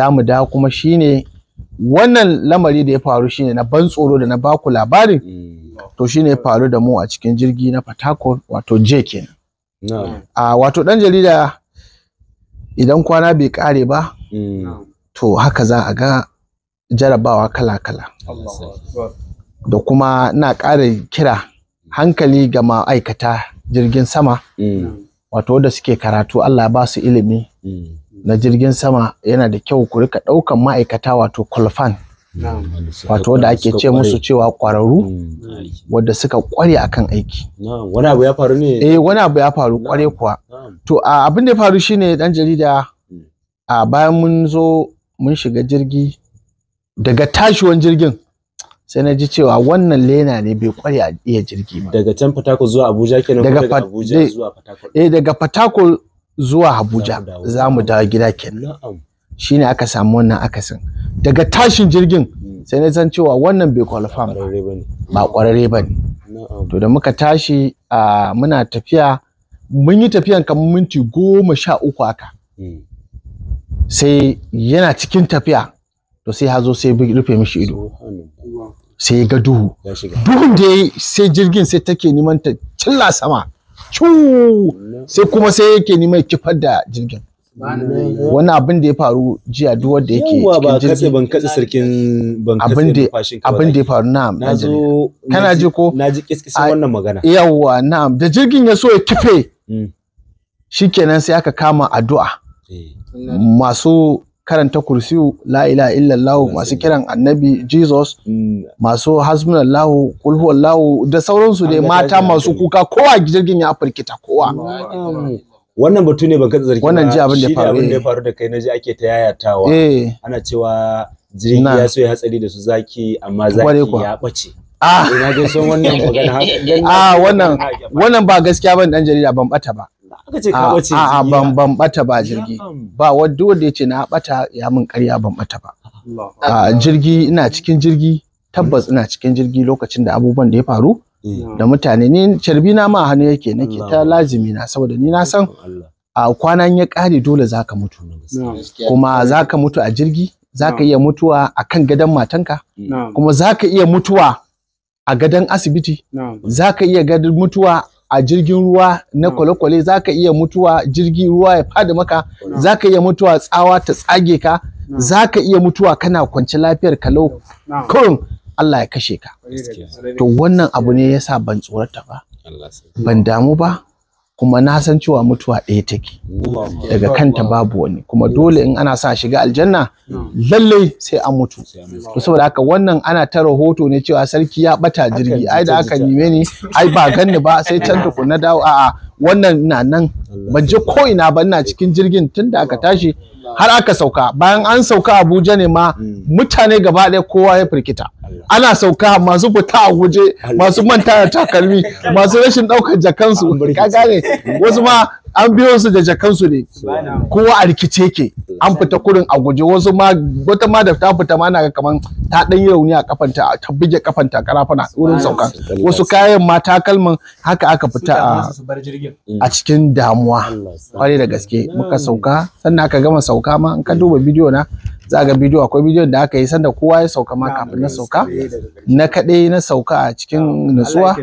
za mu da kuma shine wannan lamari da ya faru shine na ban tsoro da na baku labarin mm. to shine ya faru da mu a cikin jirgi na Fatakol wato je kenan a wato dan jarida idan kwana bai kare ba mm. to haka za a ga jarabawa kala-kala da kuma na ƙara kira hankali ga ma'aikata jirgin sama mm. wato da suke karatu Allah ba su ilimi na jirgin sama yana da kyau ku rika ɗaukan ma'aikata wato kwalfan wato wanda ake ce musu cewa kwararru wadda suka kware akan aiki wani abu ya faru ne eh wani abu ya faru kware kuwa to abin da ya faru shine dan jarida hmm. a bayan mun zo mun shiga jirgi daga tashiwan jirgin sai na ji cewa wannan lena ne bai kware a iya jirgi ba daga can fatako zuwa abuja kenan daga abuja eh, fatako eh daga fatako zuwa Abuja za mu dawo gida kenan ne aka samu wannan akasin daga tashin jirgin hmm. sai na san cewa wannan bai qualify ba ƙwararre ba ne to da muka tashi muna tafiya mun yi tafiyan kamar minti goma sha uku haka hmm. sai yana cikin tafiya to sai hazo sai rufe mishi ido sai ga duhu duhun da sai jirgin sai take neman ta cilla sama sai kuma sai yake neman kifar da jirgin wani abin da ya faru jiya duk wanda yake cikin jirgin ban katse sarkin ban katse abin da ya faru na'am kana ji ko naji wannan magana yawa na'am da jirgin ya so ya kife mm. shikenan sai aka kama addu'a eh. masu karanta kursiyu la ilaha illallah masu kiran annabi jesus mm. masu hasbunallahu kul huwallahu da sauransu dai mata masu kuka kowa jirgin ya firkita kowa wannan batu ne ban kada zargi wannan ji abin da faru abin da eh. faru da kai naji ake ta yayatawa eh. ana cewa jirgin ya so ya hatsari da su zaki amma zaki ya bace ah ina ga son wannan magana ah wannan wannan ba gaskiya ban dan jarida ban bata ba aka ce ka a ban ban bata ba jirgi ba wanda wanda yace na bata ya min karya ban bata ba a jirgi ina cikin jirgi tabbas ina cikin jirgi lokacin da abubuwan da ya faru eh. da mutane ni carbi na ma hannu yake nake ta lazimi na saboda ni na san a kwanan ya kare dole zaka mutu kuma zaka mutu a jirgi zaka iya mutuwa akan gadon matanka kuma zaka iya mutuwa a gadon asibiti zaka iya gadon mutuwa a jirgin ruwa na hmm. kwale-kwale za ka iya mutuwa jirgin ruwa ya fadi maka hmm. za ka iya mutuwa tsawa ta tsage ka hmm. za ka iya mutuwa kana kwance lafiyar kalau kurin Allah ya kashe ka to wannan abu ne yasa ban tsorata ba ban damu ba kuma na san cewa mutuwa ɗaya take daga kanta babu wani kuma dole in ana sa shiga aljanna lallai sai an mutu saboda haka wannan ana ta rahoto ne cewa sarki ya bata jirgi ai da aka nime ni ai ba ganni ba sai can na dawo a'a wannan ina nan ban je ko ina ba ina cikin jirgin tun da aka tashi har aka sauka bayan an sauka Abuja ne ma mm. mutane gaba ɗaya kowa ya firkita ana sauka masu fita a guje masu manta da takalmi masu rashin ɗaukar jakansu ka gane wasu ma an biyo su da jakansu ne kowa a rikice ke an fita kurin a guje wasu ma wata ma da ta fita ma na kaman ta dan yi rauni a kafanta ta buge kafanta karafana wurin sauka wasu kayan ma takalman haka aka fita mm. a cikin damuwa kwarai da gaske muka mm. sauka sannan aka gama sauka ma in ka duba bidiyo na za ga bidiyo akwai bidiyo da aka yi sanda kowa ya sauka ma kafin na sauka eh, na kaɗai na sauka a cikin nutsuwa